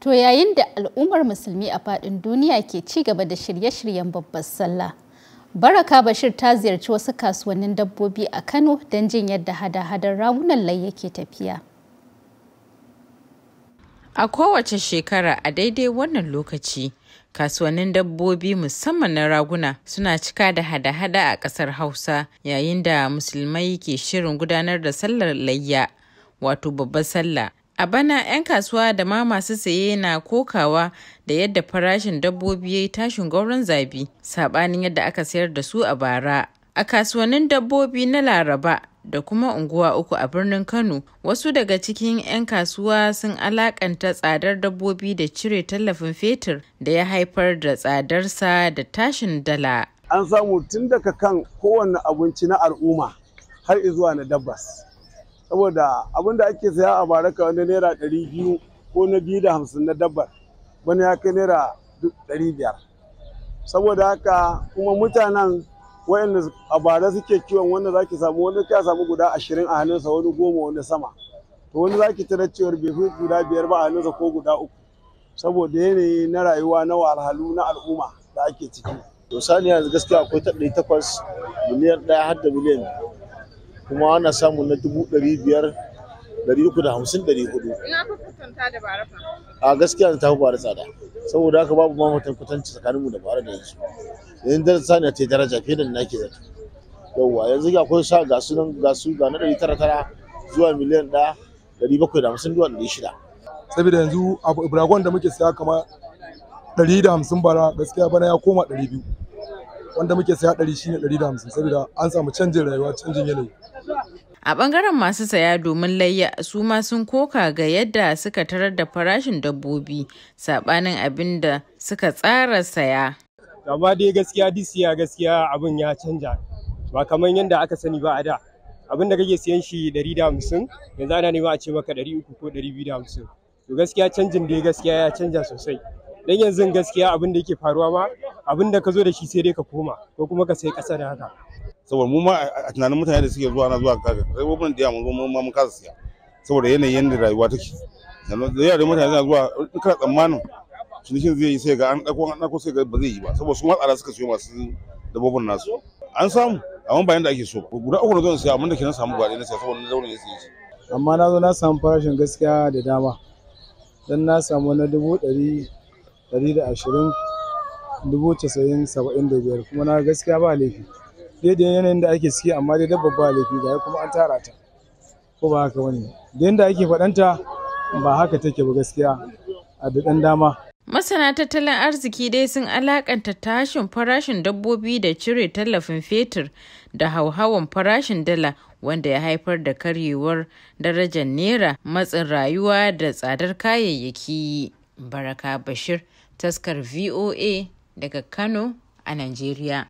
To yayin da al'ummar musulmi a faɗin duniya ke ci gaba da shirye-shiryen babbar sallah. Baraka Bashir ta ziyarci wasu kasuwannin dabbobi a Kano don jin yadda hada-hadar ragunan lai yake tafiya. A kowace shekara a daidai wannan lokaci, kasuwannin dabbobi musamman na raguna suna cika da hada-hada a ƙasar Hausa yayin da musulmai ke shirin gudanar da sallar layya, wato babbar sallah. A bana, 'yan kasuwa da ma masu saye na kokawa da yadda farashin dabbobi ya yi tashin gwauron zabi, saɓanin yadda aka sayar da su a bara. A kasuwannin dabbobi na Laraba da kuma unguwa uku a birnin Kano, wasu daga cikin 'yan kasuwa sun alakanta tsadar dabbobi da cire tallafin fetur da ya haifar da tsadarsa da tashin dala. An samu tun daga kan kowane abinci na al'umma har zuwa na dabbas. saboda abin da ake saya a baraka wani naira ɗari biyu ko na biyu da hamsin na dabbar wani ya kai naira ɗari biyar saboda haka kuma mutanen wayanda a bara suke kiwon wanda zaki samu wani ka samu guda ashirin a hannunsa wani goma wani sama to wani zaki tara cewar bai fi guda biyar ba a hannunsa ko guda uku saboda yanayi na rayuwa na wahalhalu na al'umma da ake ciki to saniya gaskiya akwai ta ɗari takwas miliyan ɗaya har da miliyan biyu kuma ana samu na dubu ɗari biyar ɗari uku da hamsin ɗari hudu. da A gaskiya ta fi bara tsada. Saboda haka babu ma mutum kwatanci tsakaninmu da bara da yanzu. Yanzu da sani ta daraja fiye da nake zato. yauwa yanzu ga akwai sa ga su ga su ga na ɗari tara tara zuwa miliyan ɗaya ɗari bakwai da hamsin zuwa ɗari shida. Saboda yanzu abu Ibrahim da muke saya kamar ɗari da hamsin bara gaskiya bana ya koma ɗari biyu. Wanda muke saya ɗari shine ɗari da hamsin saboda an samu canjin rayuwa canjin yanayi. A bangaren masu saya domin layya su ma sun koka ga yadda suka tarar da farashin dabbobi sabanin abin da suka tsara saya. Amma dai gaskiya disiya gaskiya abin ya canja ba kamar yadda aka sani ba a da. Abin da kake siyan shi 150 yanzu ana nema a ce maka 300 ko 250. To gaskiya canjin dai gaskiya ya canja sosai. Dan yanzu gaskiya abin da yake faruwa ma abin da ka zo da shi sai dai ka koma ko kuma ka sai ƙasa da haka. saboda mu ma a tunanin mutane da suke zuwa na zuwa kaga rayuwar da mun zo mun ma mun kasa siya saboda yanayin yadda rayuwa take da yawa da mutane suna zuwa in kana tsammanin cinikin zai yi sai ga an ɗauko an ɗauko sai ga ba zai yi ba saboda su ma tsada suka siyo masu dabbobin nasu an samu amma ba yanda ake so ba guda uku na zo siya amma da ke na samu gwaɗe na siya saboda na zaune ya siya shi amma na zo na samu farashin gaskiya da dama don na samu na dubu ɗari ɗari da ashirin dubu casa'in saba'in da biyar kuma na gaskiya ba laifi daidai yanayin da ake ciki amma dai dabba ba laifi ga kuma an tara ta ko ba haka wani da yanda ake faɗanta ba haka take ba gaskiya a da dama Masana tattalin arziki dai sun alakanta tashin farashin dabbobi da cire tallafin fetur da hauhawan farashin dala wanda ya haifar da karyewar darajar naira matsin rayuwa da tsadar kayayyaki. Baraka Bashir, taskar VOA daga Kano a nigeria.